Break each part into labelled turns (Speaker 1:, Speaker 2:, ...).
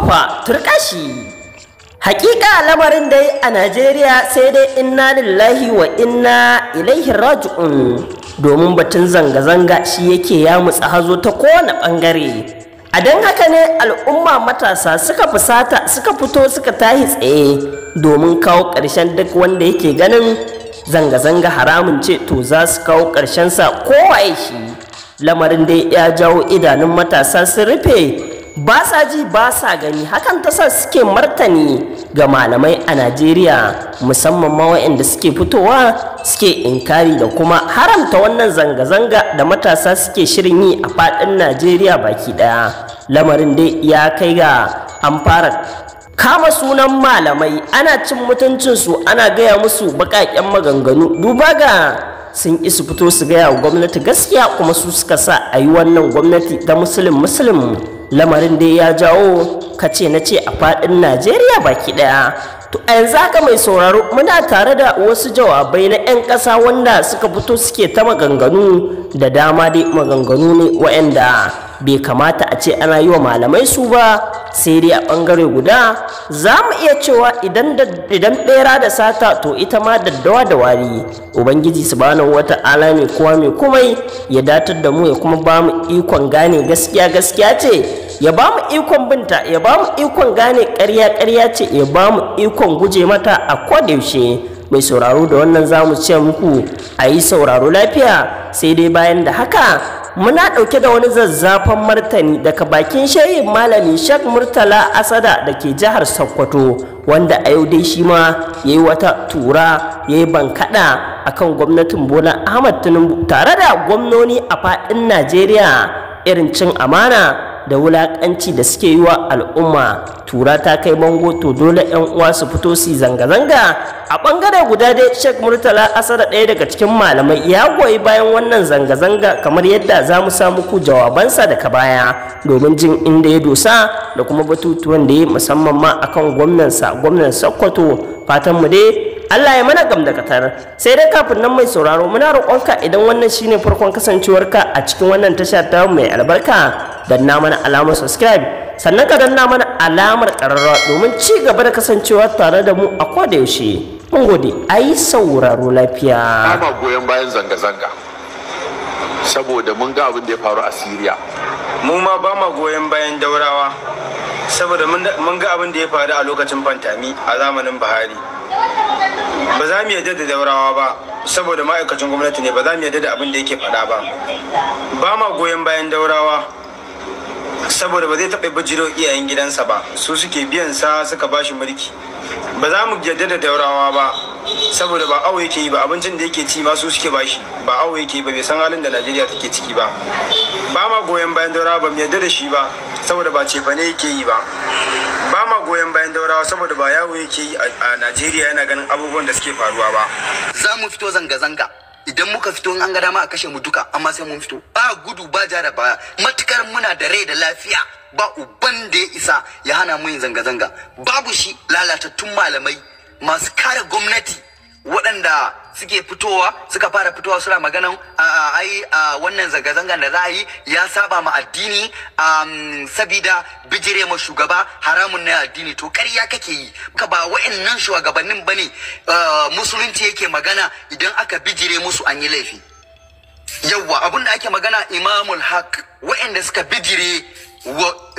Speaker 1: kwafa turkashi hakika lamarin dai a najeriya sai dai inna lillahi wa inna ilaihi raju'un domin batun zanga-zanga shi yake ya mutsa hazo ta kowane bangare a don haka ne al'umma matasa suka fusata suka fito suka tahi tsaye domin kawo ƙarshen duk wanda yake ganin zanga-zanga haramun ce to za su kawo ƙarshensa kowaye shi lamarin dai ya jawo idanun matasa sun rufe ba sa ji ba sa gani hakan ta sa suke martani ga malamai a najeriya musamman ma waɗanda suke fitowa suke inkari da kuma haramta wannan zanga-zanga da matasa suke shirin yi a faɗin najeriya baki ɗaya lamarin dai ya kai ga an fara kama sunan malamai ana cin mutuncinsu ana gaya musu baƙaƙen maganganu duba ga sun isu fito su gaya wa gwamnati gaskiya kuma su suka sa a yi wannan gwamnati ta musulun musulun lamarin dai ya jawo kace na ce a faɗin najeriya baki ɗaya to a yanzu haka mai sauraro muna tare da wasu jawabai na 'yan ƙasa wanda suka fito suke ta maganganu da dama dai maganganu ne waɗanda bai kamata a ce ana yi wa malamai su ba sai dai a bangare guda za mu iya cewa idan bera da sata to ita ma daddawa da wari ubangiji su bani wata ala mai kowa mai komai ya datar da mu ya kuma ba mu ikon gane gaskiya gaskiya ce ya ba mu ikon binta ya ba mu ikon gane karya-karya ce ya ba mu ikon guje mata a kodayaushe mai sauraro da wannan za mu ce muku a yi sauraro lafiya sai dai bayan da haka muna ɗauke da wani zazzafan martani daga bakin shehin malami shek murtala asada da ke jihar sokoto wanda a yau dai shi ma ya yi wata tura ya yi bankaɗa a kan gwamnatin bola ahmad tinubu tare da gwamnoni a faɗin najeriya irin cin amana da wulaƙanci da suke yi wa al'umma tura ta kai bango to dole yan uwa su fito su zanga-zanga a ɓangare guda dai sheikh murtala asara ɗaya daga cikin malamai ya goyi bayan wannan zanga-zanga kamar yadda za mu samu ku jawabansa daga baya domin jin inda ya dosa da kuma batutuwan da ya musamman ma akan gwamnansa gwamnan sokoto fatanmu dai Allah ya mana gamdakatar sai dai kafin nan mai sauraro muna roƙonka idan wannan shine farkon kasancewarka a cikin wannan tashar ta mai albarka danna mana alamar subscribe sannan ka danna mana alamar ƙararrawa domin ci gaba da kasancewa tare da mu a kodayaushe mun gode ai sauraro lafiya ba
Speaker 2: goyon bayan zanga-zanga saboda mun ga abin da ya faru a Siriya mu ma ba ma goyon bayan daurawa
Speaker 3: saboda mun ga abin da ya faru a lokacin fantami a zamanin buhari ba za mu yarda da daurawa ba saboda ma'aikacin gwamnati ne ba za mu yarda da abin da yake faɗa ba ba ma goyon bayan daurawa saboda ba zai taɓa bajiro iyayen gidansa ba su suke biyan sa suka ba shi mulki ba za mu yarda da daurawa ba saboda ba awo yake yi ba abincin da yake ci ma su suke ba ba awo yake yi ba bai san halin da najeriya take ciki ba ba ma goyon bayan daurawa ba mu yarda da shi ba saboda ba ne yake yi ba ba ma goyon bayan daurawa saboda ba yawo yake yi a najeriya yana ganin abubuwan da
Speaker 4: suke faruwa ba za mu fito zanga-zanga idan muka fito an ga dama a kashe mu duka amma sai mun fito ba gudu ba ja da matukar muna da rai da lafiya ba uban da ya isa ya hana mu yin zanga-zanga babu shi lalatattun malamai masu kare gwamnati waɗanda suke fitowa suka fara fitowa suna maganan ai wannan zanga-zangan da za a yi ya saba ma addini sabida bijire ma shugaba haramun na addini to ƙarya kake yi ka ba wa'annan shugabannin ba ne musulunci yake magana idan aka bijire musu an yi laifi yawwa abin da ake magana imamul haq wa'anda suka bijire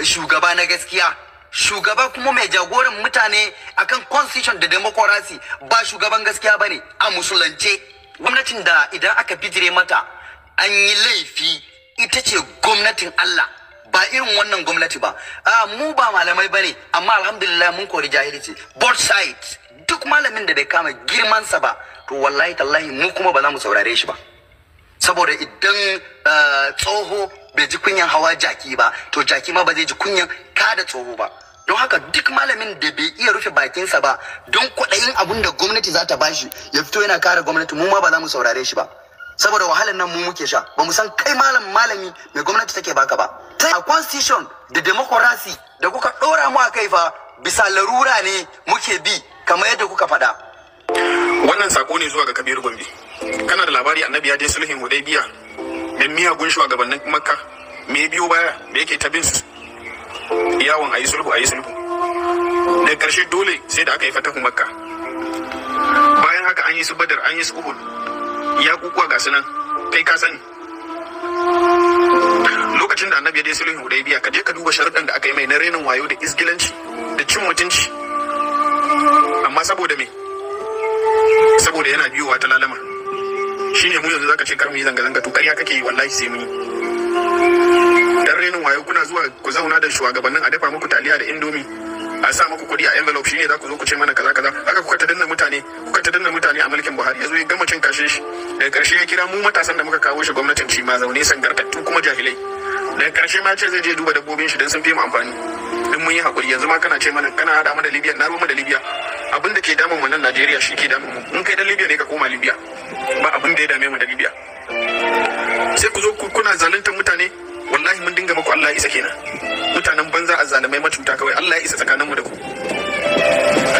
Speaker 4: shugaba na gaskiya shugaba kuma mai jagoran mutane akan constitution da demokarasi ba shugaban gaskiya bane a musulunce. gwamnatin da idan aka bijire mata an yi laifi ita ce gwamnatin Allah ba irin wannan gwamnati ba a mu ba malamai bane amma alhamdulillah mun kori jahilci both sides duk malamin da bai kama girmansa ba to wallahi tallahi mu kuma ba za mu saurare shi ba saboda idan eh, tsoho bai ji kunyan hawa jaki ba to jaki ma ba zai ji kunyan da tsoho ba don haka duk malamin da bai iya rufe bakinsa ba don kwaɗayin abun da gwamnati za ta bashi ya fito yana kare gwamnati mu ma ba za mu saurare shi ba saboda wahalar nan mu muke sha ba mu san kai malam malami mai gwamnati take baka ba a constitution da democracy da kuka dora mu a kai fa bisa larura ne muke bi kamar yadda kuka faɗa wannan sako ne zuwa ga kabiru gombe kana da labari annabi ya je sulhin hudaybiya da
Speaker 2: miyagun shugabannin makka me biyo baya da yake ta bin su yawon ayi sulhu ayi sulhu da karshe dole sai da aka yi fatahu makka bayan haka an yi su badar an yi su uhud ya kukuwa ga sunan kai ka sani lokacin da annabi ya dai sulhun hudaybiya ka je ka duba sharuɗan da aka yi mai na renin wayo da isgilanci da cin mutunci amma saboda me saboda yana biyowa ta lalama Shi ne mu yanzu zaka ce kar mu yi zanga zanga to ƙarya kake wallahi sai mun yi dan renin wayo kuna zuwa ku zauna da shugabannin a dafa muku taliya da indomi a sa muku kuɗi a envelope shine za ku zo ku ce mana kaza kaza haka kuka ta danna mutane kuka ta danna mutane a mulkin Buhari yanzu ya gama cin kashe shi daga ƙarshe ya kira mu matasan da muka kawo shi gwamnatin ci ma zaune sangartattu kuma jahilai daga karshe ma ce zai je duba dabbobin shi don sun fi mu amfani don mun yi hakuri yanzu ma kana ce mana kana hada mu da libya na mu da libya abin da ke damun mu nan najeriya shi ke damun mu in kai dan libya ne ka koma libya ba abin da ya dame mu da libya sai ku zo kuna zaluntar mutane wallahi mun dinga muku allah ya isa kenan mutanen banza a zalimai matuta kawai allah ya isa tsakanin mu da ku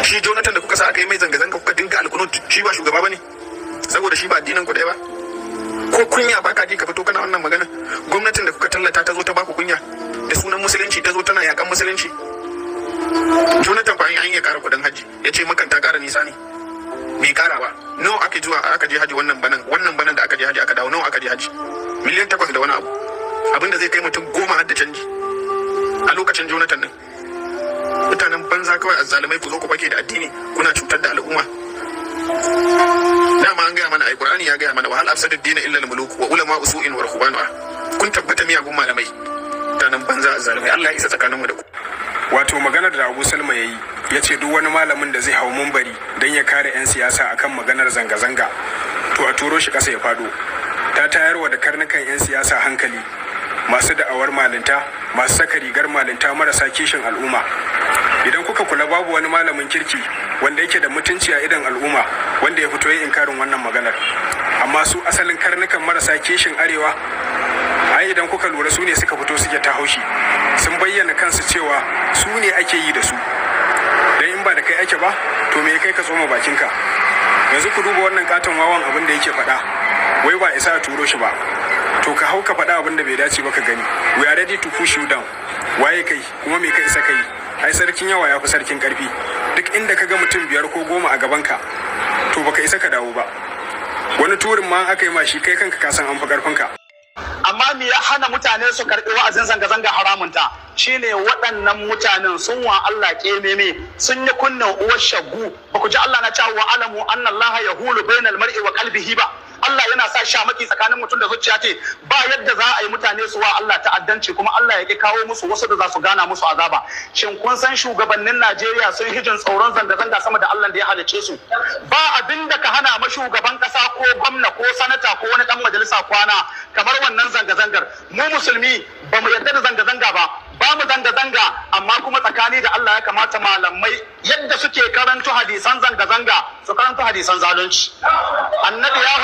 Speaker 2: shi jonathan da kuka sa aka yi mai zanga-zanga kuka dinga alkunut shi ba shugaba ba ne saboda shi ba addinin ku ɗaya ba ko kunya baka ji ka fito kana wannan magana gwamnatin da kuka tallata ta zo ta baku kunya da sunan musulunci ta zo tana yakan musulunci jonathan kwayin an ya kara kudin hajji ya ce makan ta kara nisa ne bai kara ba nawa aka zuwa aka je haji wannan banan wannan banan da aka je haji aka dawo nawa aka je haji miliyan takwas da wani abu abinda zai kai mutum goma har da canji a lokacin jonathan din mutanen banza kawai azzalumai ku zo ku bake da addini kuna cutar da al'umma dama an gaya mana ai qur'ani ya gaya mana wa hal afsada dina illa al-muluk wa ulama usu'in wa ruhbanu ah, kun tabbata miyagun malamai mutanen banza zalimai Allah ya isa tsakaninmu da ku
Speaker 3: wato maganar da Abu Salma yayi ya ce duk wani malamin da zai hau munbari don ya kare 'yan siyasa akan maganar zanga-zanga to a turo shi kasa ya fado ta tayarwa da karnukan 'yan siyasa hankali masu da'awar malinta masu saka rigar malinta marasa kishin al'umma idan kuka kula babu wani malamin kirki wanda yake da mutunci a idan al'umma wanda ya fito ya inkarin wannan maganar amma su asalin karnukan marasa kishin arewa ai idan kuka lura su ne suka fito suke ta haushi sun bayyana kansu cewa su ne ake yi da su dan in ba da kai ake ba to me kai ka tsoma bakinka yanzu ku duba wannan katon wawan abin da yake faɗa wai ba isa a turo shi ba to ka hau ka faɗa abin da bai dace ba ka gani we are ready to push you down waye kai kuma me ka isa kai ai sarkin yawa ya fi sarkin karfi duk inda ka ga mutum biyar ko goma a gabanka to baka isa ka dawo ba wani turin ma aka yi mashi kai kanka ka san an fi karfinka
Speaker 5: amma me ya hana mutane su karɓi wa'azin zanga-zanga haramunta shine waɗannan mutanen sun wa Allah ƙeme ne sun yi kunnen uwar shagu ba ku ji Allah na cewa wa alamu annallaha yahulu bainal mar'i wa qalbihi ba Allah yana sa shamaki tsakanin mutum da zuciya ce ba yadda za a yi mutane su wa Allah ta'addanci kuma Allah ya ki kawo musu wasu da za su gana musu azaba shin kun san shugabannin Najeriya sun hijin tsoron zanga-zanga sama da Allah da ya halice su ba abin da ka hana ma shugaban kasa ko gwamna ko sanata ko wani dan majalisa kwana kamar wannan zanga-zangar mu musulmi ba mu yarda da zanga-zanga ba ba mu zanga-zanga amma kuma tsakani da Allah ya kamata malamai yadda suke karanto hadisan zanga-zanga su karanto hadisan zalunci annabi ya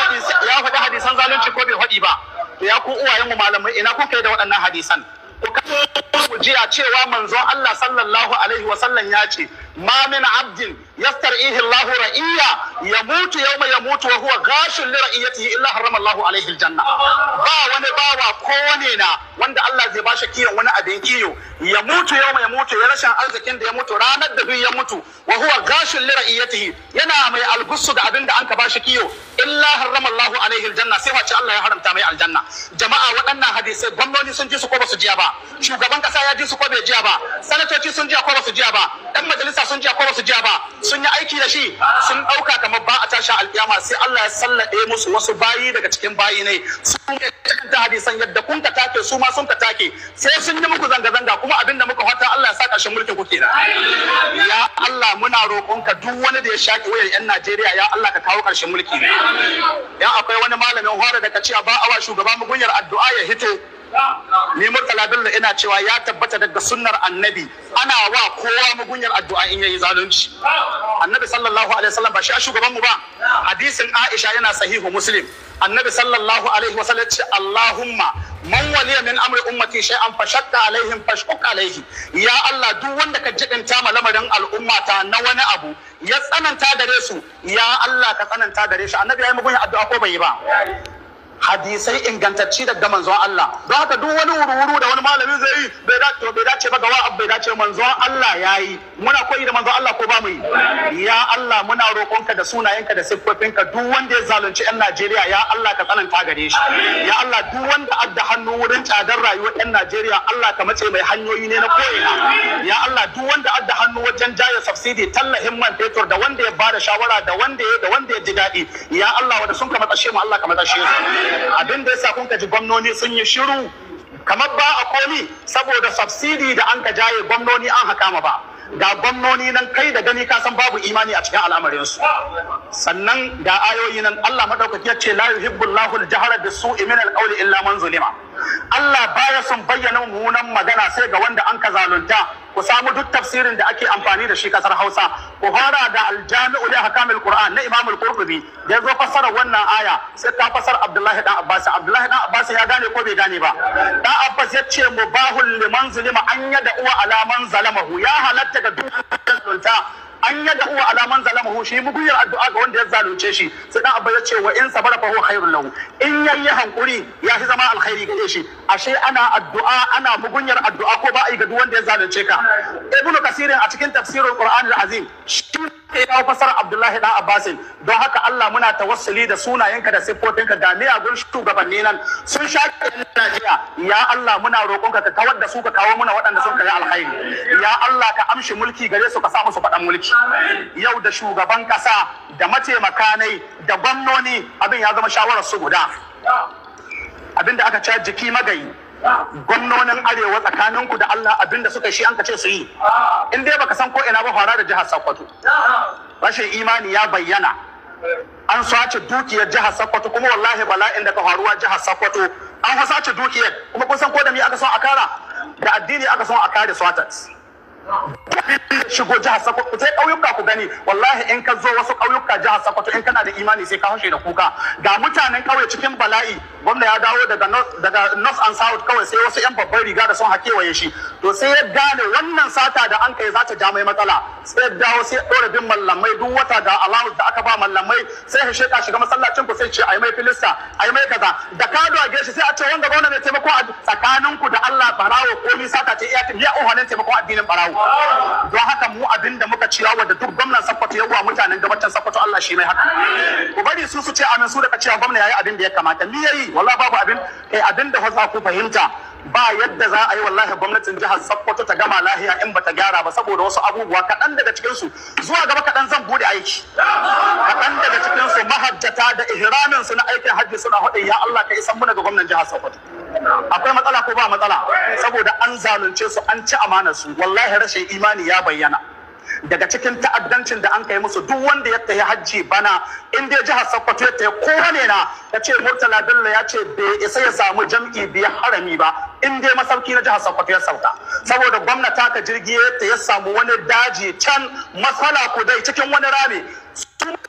Speaker 5: faɗi hadisan zalunci ko bai faɗi ba to ya ku uwayenmu malamai ina ku kai da waɗannan hadisan ku kawo jiya cewa manzon Allah sallallahu alaihi sallam ya ce ma min abdin yastar'ihi ihilahu ra'iya ya mutu yamutu wa huwa gashin li ra'iyatihi illa harrama Allahu alaihi ba wani bawa kowane na wanda Allah zai bashi kiyon wani abin kiyo ya mutu yawma ya mutu ya rashin arzikin da ya mutu ranar da biyu ya mutu wa gashin li ra'iyatihi yana mai algussu da abin da anka bashi kiyo illa harrama Allahu alaihi aljanna sai wace Allah ya haramta mai aljanna jama'a waɗannan hadisai gwamnoni sun shugaban kasa ya ji su ko jiya ba sanatoci sun jiya ko ba jiya ba dan majalisa sun ja ko su ja ba sun yi aiki da shi sun ɗauka kamar ba a tashi alƙiyama sai Allah ya sallade musu wasu bayi daga cikin bayi ne su ne cikin ta hadisan yadda kun ka take su ma sun ka take sai sun yi muku zanga-zanga kuma abinda muka fata Allah ya sa ƙarshen mulkin ku kenan ya Allah muna ka duk wani da ya shaƙi wayar 'yan Najeriya ya Allah ka kawo karshen mulki ne. akwai wani malamin hore da ka ce ba wa shugaba mugunyar addu'a ya hito ni murtala bello ina cewa ya tabbata daga sunnar annabi ana wa kowa mugunyar addu'a in yayi zalunci annabi sallallahu alaihi wasallam ba shi a shugaban mu ba hadisin aisha yana sahihu muslim annabi sallallahu alaihi wasallam ce allahumma man waliya min amri ummati shay'an fashakka alaihim fashuk alaihi ya allah duk wanda ka jidanta ma lamarin al'ummata na wani abu ya tsananta gare su ya allah ka tsananta gare shi annabi ya yi mugunyar addu'a ko bai yi ba hadisai ingantacci daga manzon Allah don haka duk wani wuri wani malami zai yi bai to bai dace ba gawa bai dace manzon Allah yayi muna koyi da manzon Allah ko ba mu yi ya Allah muna roƙonka da sunayenka da siffofinka duk wanda ya zalunci yan Najeriya ya Allah ka tsananta gare shi ya Allah duk wanda adda hannu wurin tsadar rayuwar yan Najeriya Allah ka mace mai hanyoyi ne na koyina. ya Allah duk wanda adda hannu wajen jaya subsidy tallahin man fetur da wanda ya bada shawara da wanda ya da wanda ya ji daɗi ya Allah wanda sun ka matsashe mu Allah ka matsashe su abin da yasa kun ka ji gwamnoni sun yi shiru kamar ba a komi saboda subsidi da an ka jaye gwamnoni an haka ba ga gwamnoni nan kai da gani kasan babu imani a cikin al'amarinsu sannan ga ayoyi nan Allah madaukaki ya ce la yuhibbullahu al-jahra bis-su'i min al-qawli illa man zulima Allah baya son bayyana mummunan magana sai ga wanda an ka zalunta ku samu duk tafsirin da ake amfani da shi kasar Hausa ku fara da aljami'u li ahkamil Qur'an na Imam al-Qurtubi da zo fassara wannan aya sai ta fassara Abdullahi dan Abbas Abdullahi dan Abbas ya gane ko bai gane ba dan Abbas ya ce mubahul liman zulima an yada uwa ala man zalamahu ya halatta ga duk zalunta an yada huwa alaman zalamahu shi mugunyar addu'a ga wanda ya zalunce shi sai dan abba ya ce wa in sabara fa huwa khairul lahu in yayi hankuri ya fi zama alkhairi gare shi ashe ana addu'a ana mugunyar addu'a ko ba a yi ga duk wanda ya zalunce ka ibnu kasirin a cikin tafsirin qur'anul azim shi ya kawo fasar Abdullahi dan Abbasin don haka Allah muna tawassuli da sunayenka da siffofinka ga miyagun shugabanni nan sun sha Najeriya ya Allah muna roƙonka ka kawar da su ka kawo muna waɗanda sun kai alhairi ya Allah ka amshi mulki gare su ka sa musu faɗan mulki yau da shugaban ƙasa da mataimakanai da gwamnoni abin ya zama shawarar su guda da aka ce jiki magayi gwamnonin arewa tsakaninku da Allah abinda suka shi an ka ce su yi in dai baka san ko ina ba fara da jihar Sokoto rashin imani ya bayyana an sace dukiyar jihar Sokoto kuma wallahi bala'in da ka faruwa jihar Sokoto an sace dukiyar kuma kun san ko da me aka son a kara da addini aka son a kare swatas shigo jihar Sokoto sai ƙauyuka ku gani wallahi in ka zo wasu ƙauyuka jihar Sokoto in kana da imani sai ka hushe da kuka ga mutanen ƙauye cikin bala'i gwamna ya dawo daga daga north and south kawai sai wasu yan babban riga da sun waye shi to sai ya gane wannan sata da an kai za ta ja mai matsala sai ya dawo sai ɗorabin mallamai duk wata ga alamu da aka ba mallamai sai ya sheka shiga masallacin ku sai ce ai mai filista ai mai kaza da ka dage shi sai a ce wanda gwamna mai taimako a tsakaninku da Allah barawo ko ni sata ce iya taimakon addinin barawo don haka mu abin da muka ciya da duk gwamnan sakkwato yawa mutanen gabatar sakkwato Allah shi mai haka ku bari su su ce amin su daga cewa gwamna yi abin da ya kamata ni yayi wallahi babu abin kai eh, abin da fa ku fahimta ba yadda za a yi wallahi gwamnatin jihar Sokoto ta gama lahiya in bata gyara ba saboda wasu abubuwa kaɗan daga cikin zuwa gaba kaɗan zan bude aiki kaɗan daga cikinsu mahajjata da ihramin su na aikin hajji suna haɗe ya Allah ka isan muna ga gwamnatin jihar Sokoto akwai matsala ko ba matsala saboda an zalunce su an ci amanar su wallahi rashin imani ya bayyana daga cikin ta'addancin da an kai musu duk wanda ya tafi hajji bana in dai jihar Sokoto ya tafi ne na ya ce Murtala Bello ya ce bai isa ya samu jam'i biyar harami ba in dai masauki na jihar Sokoto ya sauka saboda gwamnati ta ka ta ya samu wani daji can masala ku dai cikin wani rami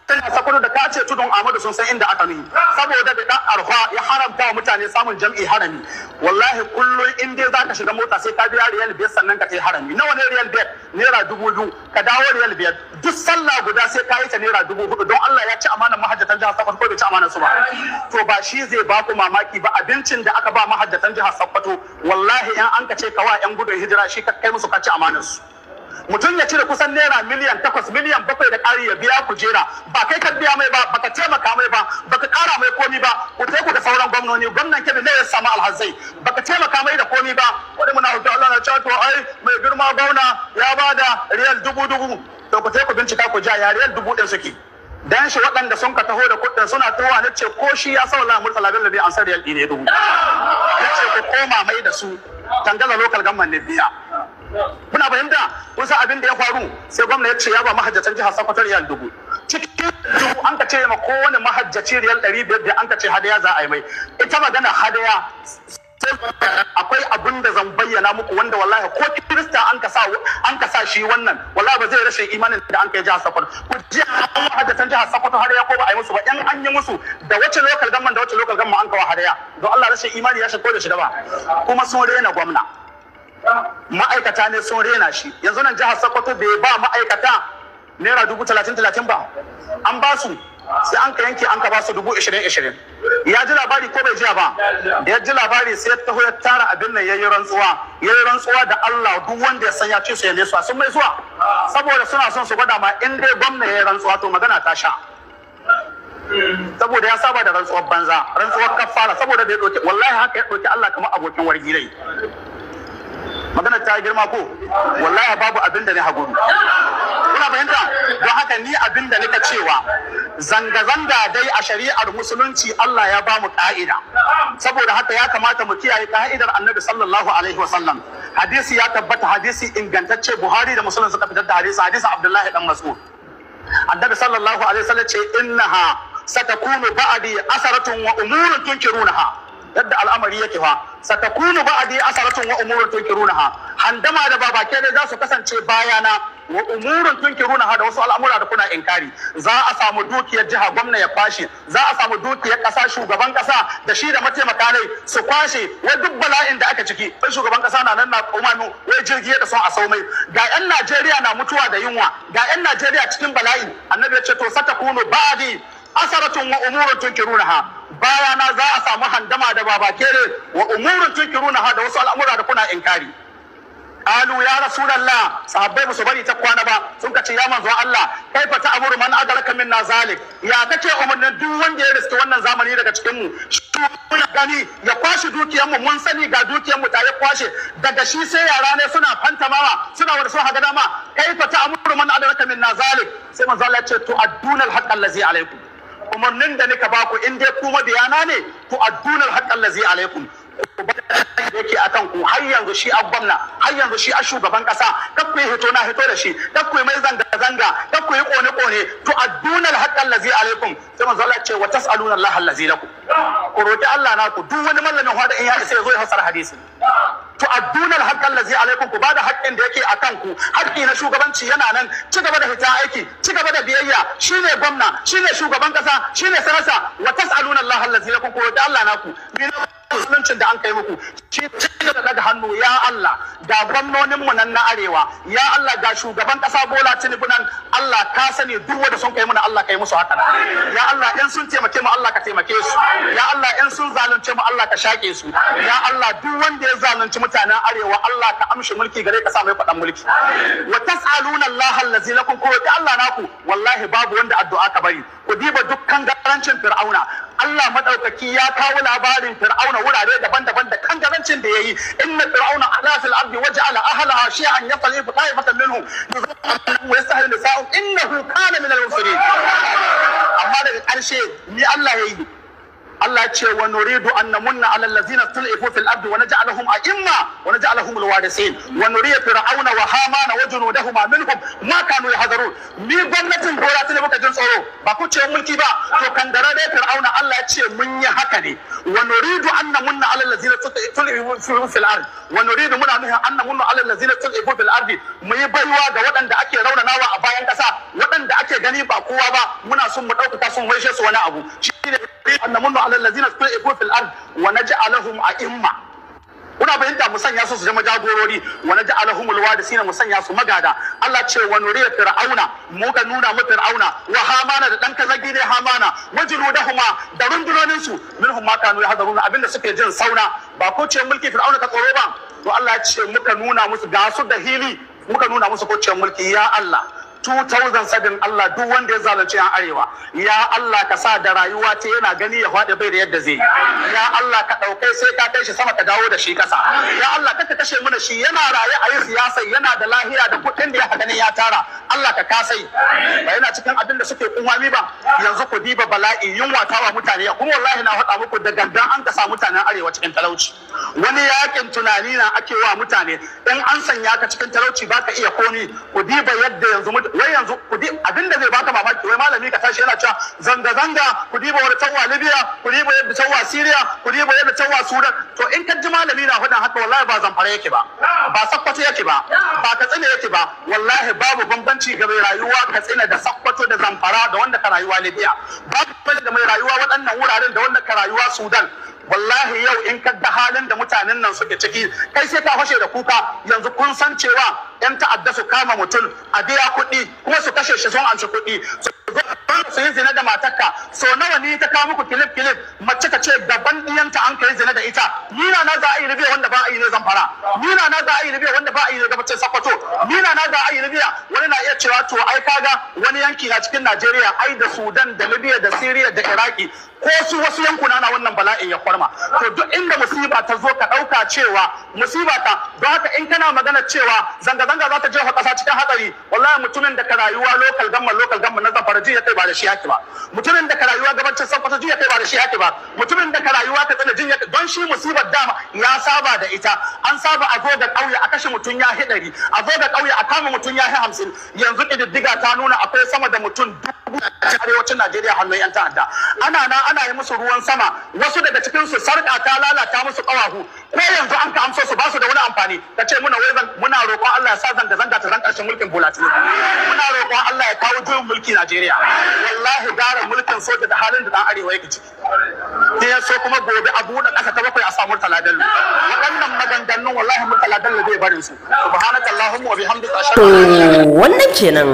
Speaker 5: tana sakwado da ta ce tudun amadu sun san inda aka nuhi saboda da dan arha ya haramta wa mutane samun jam'i harami wallahi kullum in dai zaka shiga mota sai ka biya riyal biyar sannan ka kai harami nawa ne riyal biyar naira dubu biyu ka dawo riyal biyar duk sallah guda sai ka yi ta naira dubu hudu don Allah ya ci amanar mahajjatan jihar Sokoto ko bai ci amanar su ba to ba shi zai ba ku mamaki ba abincin da aka ba mahajjatan jihar Sokoto wallahi in an ka ce kawai yan gudun hijira shi ka kai musu ka ci amanar su mutum ya cire kusan naira miliyan takwas miliyan bakwai da ƙari ya biya kujera ba kai ka biya mai ba baka taimaka mai ba baka ƙara mai komi ba ku ku da sauran gwamnoni gwamnan kebe ne ya samu alhazai baka taimaka mai da komi ba wani muna hutu Allah na cewa to ai mai girma gwamna ya ba da riyal dubu dubu to ku ku bincika ku ja ya riyal dubu ɗin suke dan shi waɗanda sun ka taho da kuɗin suna towa na ce ko shi ya sa wallahi murtala bin ne an san riyal ɗin ne dubu na ce ku koma mai da su tangaza lokal government ne biya kuna fahimta kun san abin da ya faru sai gwamna ya ce ya ba mahajjatan jihar Sokoto riyal dubu cikin dubu an ka ce ma kowane mahajjaci riyal ɗari biyar da an ka ce hadaya za a yi mai ita magana hadaya akwai abin da zan bayyana muku wanda wallahi ko kirista an ka sa an ka sa shi wannan wallahi ba zai rashin imanin da an kai jihar Sokoto ku ji an mahajjatan jihar Sokoto hadaya ko ba a yi musu ba yan an yi musu da wace lokal gamman da wace lokal gamman an kawo hadaya don Allah rashin imani ya ko da shi da ba kuma sun na gwamna ma'aikata ne sun rena shi yanzu nan jihar sokoto bai ba ma'aikata naira dubu talatin talatin ba an ba su sai an ka yanke an ka ba su dubu ishirin ishirin ya ji labari ko bai jiya ba da ya ji labari sai ya taho ya tara abin nan ya yi rantsuwa ya yi rantsuwa da Allah duk wanda ya san ya ce su ya nesuwa sun mai zuwa saboda suna son su gwada ma in dai gwamna ya yi rantsuwa to magana ta sha saboda ya saba da rantsuwar banza rantsuwar kafara saboda da ya ɗauki wallahi haka ya ɗauki Allah kamar abokin wargi rai magana ta girma ko wallahi babu abin da ni haguru
Speaker 3: kuna fahimta don haka
Speaker 5: ni abin da nika cewa zanga-zanga dai a shari'ar musulunci Allah ya ba mu ka'ida saboda haka ya kamata mu kiyaye ka'idar annabi sallallahu alaihi wasallam hadisi ya tabbata hadisi ingantacce buhari da musulun suka fitar da hadisi hadisi abdullahi dan mas'ud annabi sallallahu alaihi wasallam ce innaha satakunu ba'di asaratun wa umurun tunkirunaha yadda al'amari yake fa satakunu ba'di asaratun wa umurun tunkirunaha handama da babake ne za su kasance bayana wa umurun tunkirunaha da wasu al'amura da kuna inkari za a samu dukiyar jiha gwamna ya kwashe za a samu dukiyar kasa shugaban kasa da shi da mataimaka ne su kwashe wa duk bala'in da aka ciki sai shugaban kasa na nan na umarnu wai jirgi da son a sau ga yan Najeriya na mutuwa da yunwa ga yan Najeriya cikin bala'i annabi ya ce to satakunu ba'di asaratun wa umurun ha baya na za a samu handama da babakere wa umurun ha da wasu al'amura da kuna inkari qalu ya rasulullah sahabbai musu bari ta kwana ba sun kace ya manzo Allah kaifa ta'muru man adraka minna zalik ya kace umarnin duk wanda ya riske wannan zamani daga cikin mu mun gani ya kwashe dukiyar mu mun sani ga dukiyar mu ya kwashe daga shi sai yara ne suna fantamawa suna wani so haga dama kaifa ta'muru man adraka minna zalik sai manzo Allah ya ce to addunal haqqal ladzi alaikum umarnin da nika ku in dai kuma na ne ku addunar haƙƙan lazi alaikum da yake akan ku har yanzu shi a gwamna har yanzu shi a shugaban kasa kar hito na hito da shi kar mai zanga zanga kar ku yi kone kone to addunal haqqal ladzi alaikum sai manzo Allah ce wa tasaluna Allah allazi lakum ku roki Allah na ku duk wani mallamin hada in ya sai zo ya fasara hadisi tu'adduna al-haqqal ladzi alaikum ku da haƙƙin da yake akan ku haƙƙi na shugabanci yana nan ci gaba da hita aiki ci gaba da biyayya shine gwamna shi ne shugaban shi shine sarasa wa tas'aluna Allah allazi ya ku da Allah naku musuluncin da an kai muku shi da daga hannu ya Allah ga gwamnonin mu nan na arewa ya Allah ga shugaban kasa Bola Tinubu nan Allah ka sani duk wanda sun kai mana Allah kai musu haka ya Allah in sun taimake mu Allah ka taimake su ya Allah in sun zalunce mu Allah ka shake su ya Allah duk wanda ya zalunci mutanen arewa Allah ka amshi mulki gare ka sa mai faɗan mulki wa tas'aluna Allah allazi lakum ko Allah naku wallahi babu wanda addu'a ka bari ku diba dukkan garancin fir'auna Allah madaukaki ya kawo labarin fir'auna wurare daban-daban da kangarancin da ya yayi inna fir'auna ala fil ardi waja'ala ahlaha shi'an yaqlibu ta'ifatan minhum wa yastahyi nisa'u innahu kana min al-mufsidin amma daga karshe ni Allah yayi Allah ya ce wa nuridu an namunna ala allazina tulifu fil ardi wa naj'aluhum a'imma wa naj'aluhum alwarisin wa nuriya fir'auna wa hamana wa junudahuma minhum ma kanu yahzarun ni gwamnatin gora ta ne muka jin tsoro ba ku ce mulki ba to kan dare da fir'auna Allah ya ce mun yi haka ne wa nuridu an namunna ala allazina tulifu fil ardi wa nuridu muna nufin an namunna ala allazina tulifu fil ardi mu yi baiwa ga waɗanda ake raunanawa a bayan ƙasa waɗanda ake gani ba kowa ba muna son mu ɗaukaka sun waishe su wani abu shine annamunna على الذين استضعفوا في الارض ونجعلهم ائمه kuna fahimta mu sanya su su zama jagorori wa naj'alahum alwarisina mu sanya su magada Allah ce wa nuriya fir'auna mu ga nuna mu fir'auna wa hamana da dan kazagi ne hamana wajludahuma da rundunonin su minhum ma kanu yahdaruna abinda suke jin sauna ba ko ce mulki fir'auna ka tsoro ba to Allah ya ce muka nuna musu ga su da hili muka nuna musu ko ce mulki ya Allah 2007 Allah duk wanda ya zalunci yan arewa ya Allah ka sa da rayuwa ce yana gani ya faɗi bai da yadda zai ya Allah ka ɗaukai sai ka kai shi sama ka dawo da shi kasa. ya Allah ka kashe mana shi yana raye a yi siyasa yana da lahiya da kuɗin da ya ganin ya tara Allah ka kasai ba yana cikin abin da suke kunwami ba yanzu ku diba bala'i yunwa tawa mutane kuma wallahi na faɗa muku da gandan an ka sa mutanen arewa cikin talauci wani yakin tunani na ake wa mutane in an sanya ka cikin talauci ba ka iya komi. ku diba yadda yanzu mutane wai yanzu ku abin abinda zai baka mamaki wai malami ka tashi yana cewa zanga zanga ku diba wani tawwa Libya ku diba yadda tawwa Syria ku diba yadda tawwa Sudan to in ka ji malami na hudan haka wallahi ba zamfara yake ba ba sakkwato yake ba ba ka katsina yake ba wallahi babu bambanci ga mai rayuwa katsina da sakkwato da zamfara da wanda ka rayuwa Libya babu da mai rayuwa waɗannan wuraren da wanda ka rayuwa Sudan wallahi yau in ka ga halin da mutanen nan suke ciki kai sai ka fashe da kuka yanzu kun san cewa yan ta'adda su kama mutum a biya kuɗi kuma su kashe shi sun amshi kuɗi su yi zina da matarka so nawa ni ta kawo muku kilif kilif mace ta ce gaban ɗiyanta an kai zina da ita nina na za a yi ribiya wanda ba a yi ne zamfara nina na za a yi ribiya wanda ba a yi ne gabacin sakwato nina na za a yi ribiya wani na iya cewa to ai kaga wani yanki na cikin najeriya ai da sudan da libya da syria da iraki ko su wasu yankuna na wannan bala'in ya kwarma to duk inda musiba ta zo ka dauka cewa musiba ta don haka in kana magana cewa zanga-zanga za ta jefa ƙasa cikin hatsari wallahi mutumin da ka rayuwa lokal gamma lokal gamma na ji ya kai ba da shi haki ba mutumin da ka rayuwa gabancin ji ya kai ba da shi haki ba mutumin da ka rayuwa ka tsina jiya don shi musibar dama ya saba da ita an saba a zo ga ƙauye a kashe mutum ya hidari a zo ga ƙauye a kama mutum ya hi hamsin yanzu ƙididdiga ta nuna akwai sama da mutum dubu a arewacin Najeriya hannun 'yan ta'adda ana na ana yi musu ruwan sama wasu daga cikin su sarƙa ta lalata musu ƙawahu ko yanzu an ka amsa su ba su da wani amfani ta ce muna wai muna roƙon Allah ya sa zanga zanga ta zanga ƙarshen mulkin Bola muna roƙon Allah ya kawo juyin mulki Najeriya wallahi gara mulkin soja da halin da dan arewa yake ciki sai ya so kuma gobe a buɗe ƙasa ta bakwai a samu taladallu waɗannan maganganun wallahi mun taladallu zai barin su subhanakallahumma wa bihamdika ashhadu
Speaker 1: an wannan kenan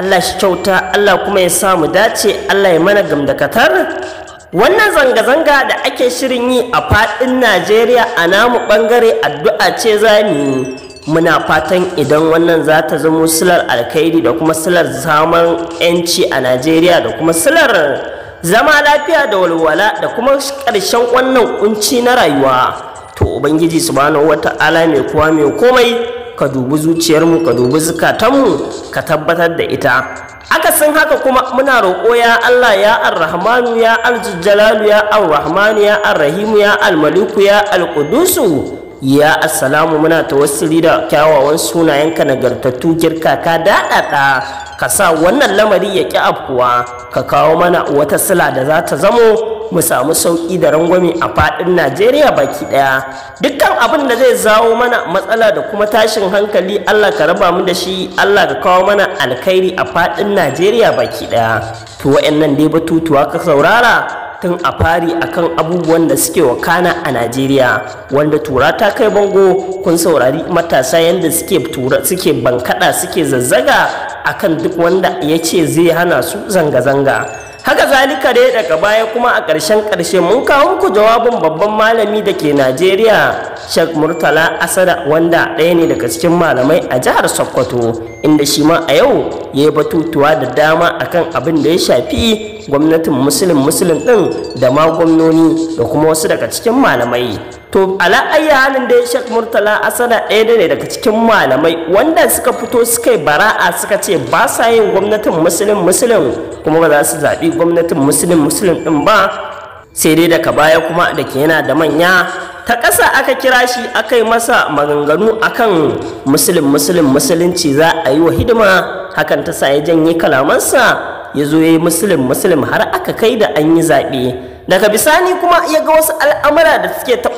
Speaker 1: Allah shi kyauta Allah kuma ya samu dace Allah ya mana gamdakatar wannan zanga-zanga da ake shirin yi a faɗin najeriya a namu ɓangare addu'a ce za mu muna fatan idan wannan za ta zama silar alkhairi da kuma silar samun 'yanci a najeriya da kuma silar zama lafiya da walwala da kuma ƙarshen wannan kunci na rayuwa to ubangiji subhanahu wata'ala mai kowa mai komai ka dubi zuciyarmu ka dubi zukatanmu ka tabbatar da ita akasin haka kuma muna roƙo ya Allah ya arrahmanu ya aljalalu ya arrahmanu ya arrahimu ya almaliku ya alqudusu ya assalamu muna tawassuli da kyawawan sunayenka nagartattu girka ka daɗaɗa ka sa wannan lamari ya ƙi afkuwa ka kawo mana wata sila da za ta zamo mu samu sauƙi da rangwami a faɗin najeriya baki ɗaya dukkan abin da zai zawo mana matsala da kuma tashin hankali allah ka raba mu da shi allah ka kawo mana alkhairi a faɗin najeriya baki ɗaya to wa'annan dai batutuwa ka saurara tun a fari akan abubuwan da suke wakana a najeriya wanda tura ta kai bango kun saurari matasa yadda suke tura suke bankada suke zazzaga akan duk wanda ya ce zai hana su zanga-zanga haka zalika dai daga baya kuma a ƙarshen ƙarshe mun kawo muku jawabin babban malami da ke najeriya Sheikh Murtala Asada wanda ɗaya ne daga cikin malamai a jihar Sokoto inda shi ma a yau ya yi batutuwa da dama akan abin da ya shafi gwamnatin musulun musulun ɗin da ma gwamnoni da kuma wasu daga cikin malamai. To ala ayya halin da Sheikh Murtala Asada ɗaya ne daga cikin malamai wanda suka fito suka yi bara'a suka ce ba sa yin gwamnatin musulun musulun kuma ba za su zaɓi gwamnatin musulun musulun ɗin ba sai dai daga baya kuma da ke yana da manya ta ƙasa aka kira shi aka yi masa maganganu akan musulun musulun musulunci za a yi wa hidima hakan ta sa ya janye kalamansa ya zo ya yi musulun musulun har aka kai da an yi zaɓe daga bisani kuma ya ga wasu al'amura da suke ta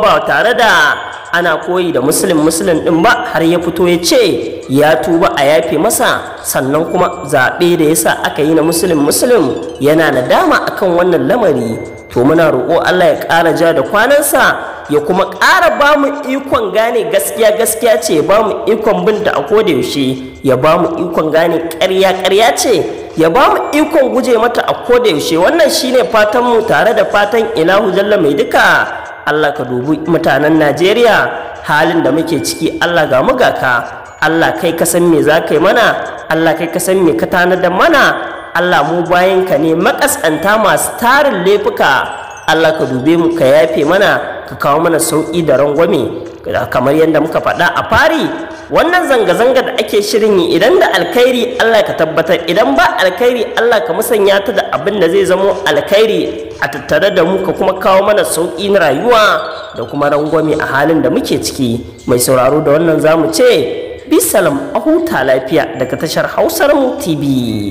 Speaker 1: ba tare da ana koyi da musulun musulun ɗin ba har ya fito ya ce ya tuba a yafe masa sannan kuma zaɓe da yasa aka yi na musulun musulun yana dama akan wannan lamari to muna roƙo Allah ya ƙara ja da kwanansa ya kuma ƙara ba mu ikon gane gaskiya gaskiya ce ya ba mu ikon bin da a da yaushe ya ba mu ikon gane ƙarya ƙarya ce ya ba mu ikon guje mata a da yaushe wannan shine fatan mu tare da fatan ilahu jalla mai duka Allah ka dubi mutanen Najeriya halin da muke ciki Allah ga mu ga ka Allah kai ka san me za ka yi mana Allah kai ka san me ka tanada mana Allah mu bayan ka ne makasanta masu tarin laifuka Allah ka dube mu ka yafe mana ka kawo mana sauƙi da rangwame kamar yadda muka faɗa a fari wannan zanga-zanga da ake shirin yi idan da alkhairi Allah ka tabbatar idan ba alkhairi Allah ka musanya ta da abin da zai zamo alkhairi a tattare da mu ka kuma kawo mana sauƙi na rayuwa da kuma rangwame a halin da muke ciki mai sauraro da wannan zamu ce bisalam a huta lafiya daga tashar hausar mu tv